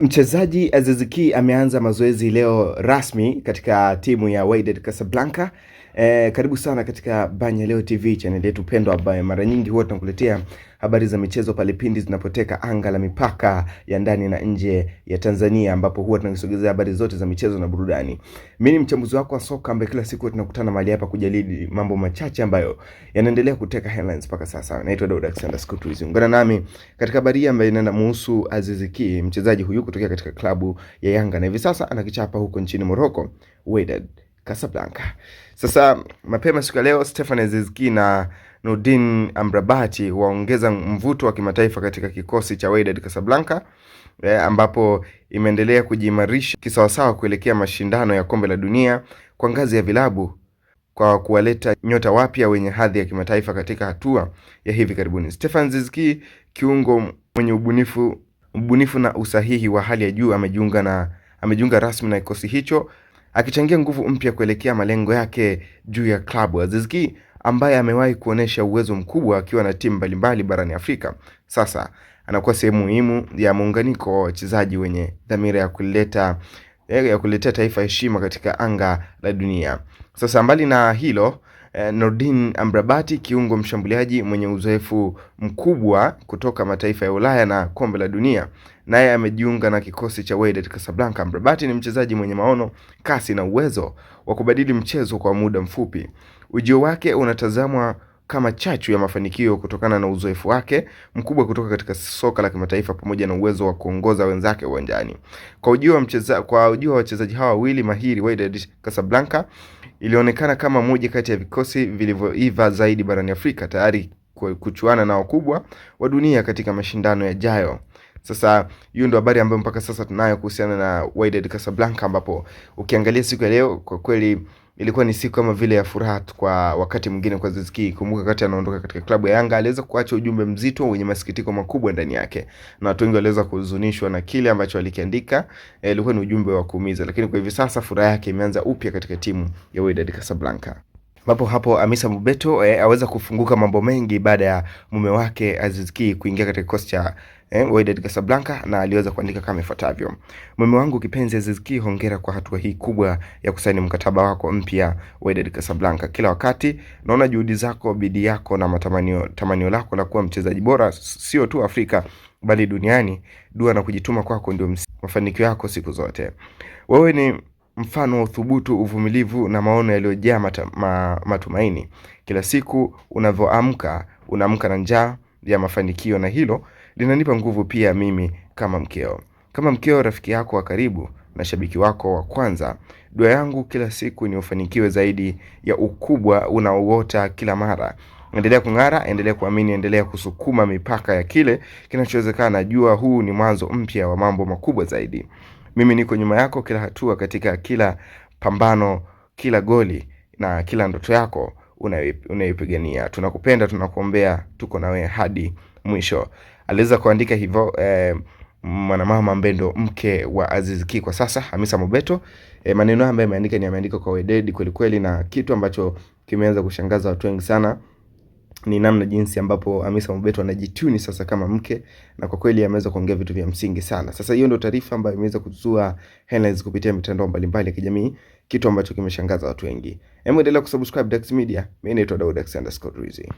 Mchezaji Aziz Ki ameanza mazoezi leo rasmi katika timu ya Wydad Casablanca E, karibu sana katika Banya Leo TV channel yetu pendwa ambayo mara nyingi huwa tunakuletea habari za michezo pale pindi zinapoteka anga la mipaka ya ndani na nje ya Tanzania ambapo huwa tunakusogezea habari zote za michezo na burudani. Mimi ni mchambuzi wako wa soka ambaye kila siku tunakutana mahali hapa kujadili mambo machache ambayo yanaendelea kuteka headlines mpaka sasa. Naitwa Daud Alexander Scott. Ungana nami katika habari ambayo inaenda muhusu Aziz Ki, mchezaji huyu kutokea katika klabu ya Yanga na hivi sasa anakichapa huko nchini Morocco, Wydad Casablanca. Sasa mapema siku ya leo Stefan Aziz na Nordin Amrabati waongeza mvuto wa kimataifa katika kikosi cha Wydad Casablanca e, ambapo imeendelea kujiimarisha kisawasawa kuelekea mashindano ya kombe la dunia kwa ngazi ya vilabu kwa kuwaleta nyota wapya wenye hadhi ya kimataifa katika hatua ya hivi karibuni. Stefan Zizki, kiungo mwenye ubunifu ubunifu na usahihi wa hali ya juu, amejiunga na amejiunga rasmi na kikosi hicho akichangia nguvu mpya kuelekea malengo yake juu ya klabu. Aziz Ki ambaye amewahi kuonyesha uwezo mkubwa akiwa na timu mbalimbali barani Afrika, sasa anakuwa sehemu muhimu ya muunganiko wa wachezaji wenye dhamira ya kuleta ya kuletea taifa heshima katika anga la dunia. Sasa mbali na hilo eh, Nordin Amrabati kiungo mshambuliaji mwenye uzoefu mkubwa kutoka mataifa ya Ulaya na kombe la dunia, naye amejiunga na kikosi cha Wydad Casablanca. Amrabati ni mchezaji mwenye maono, kasi na uwezo wa kubadili mchezo kwa muda mfupi. Ujio wake unatazamwa kama chachu ya mafanikio kutokana na uzoefu wake mkubwa kutoka katika soka la kimataifa pamoja na uwezo wa kuongoza wenzake uwanjani. Kwa ujio wa mcheza, kwa ujio wa wachezaji hawa wawili mahiri, Wydad Casablanca ilionekana kama moja kati ya vikosi vilivyoiva zaidi barani Afrika tayari kuchuana na wakubwa wa dunia katika mashindano yajayo. Sasa hiyo ndio habari ambayo mpaka sasa tunayo kuhusiana na Wydad Casablanca, ambapo ukiangalia siku ya leo kwa kweli ilikuwa ni siku kama vile ya furaha kwa wakati mwingine kwa Ziziki. Kumbuka wakati anaondoka katika klabu ya Yanga aliweza kuacha ujumbe mzito wenye masikitiko makubwa ndani yake, na watu wengi waliweza kuhuzunishwa na kile ambacho alikiandika. Eh, ilikuwa ni ujumbe wa kuumiza, lakini kwa hivi sasa furaha yake imeanza upya katika timu ya Wydad Casablanca ambapo hapo Hamisa Mobeto e, eh, aweza kufunguka mambo mengi baada ya mume wake Aziz Ki kuingia katika kikosi cha eh, Wydad Casablanca na aliweza kuandika kama ifuatavyo: mume wangu kipenzi Aziz Ki, hongera kwa hatua hii kubwa ya kusaini mkataba wako mpya Wydad Casablanca. Kila wakati naona juhudi zako, bidii yako na matamanio tamanio lako la kuwa mchezaji bora sio tu Afrika bali duniani. Dua na kujituma kwako ndio mafanikio yako siku zote. Wewe ni mfano wa uthubutu, uvumilivu na maono yaliyojaa ma, matumaini. Kila siku unavyoamka unaamka na njaa ya mafanikio, na hilo linanipa nguvu pia mimi kama mkeo. Kama mkeo, rafiki yako wa karibu na shabiki wako wa kwanza, dua yangu kila siku ni ufanikiwe zaidi ya ukubwa unaoota kila mara. Endelea kung'ara, endelea kuamini, endelea kusukuma mipaka ya kile kinachowezekana. Jua huu ni mwanzo mpya wa mambo makubwa zaidi mimi niko nyuma yako kila hatua, katika kila pambano, kila goli na kila ndoto yako unayoipigania. Tunakupenda, tunakuombea, tuko nawe hadi mwisho. Aliweza kuandika hivyo eh, mwanamama Mbendo, mke wa Aziz Ki kwa sasa, Hamisa Mobeto. E, maneno ambayo ameandika ni ameandika kwa wededi kwelikweli, na kitu ambacho kimeweza kushangaza watu wengi sana ni namna jinsi ambapo Hamisa Mobeto anajituni sasa kama mke, na kwa kweli ameweza kuongea vitu vya msingi sana. Sasa hiyo ndio taarifa ambayo imeweza kuzua headlines kupitia mitandao mbalimbali ya kijamii, kitu ambacho kimeshangaza watu wengi. Hebu endelea kusubscribe Dax Media. Mimi naitwa Daud Alexander Scott Rizzi.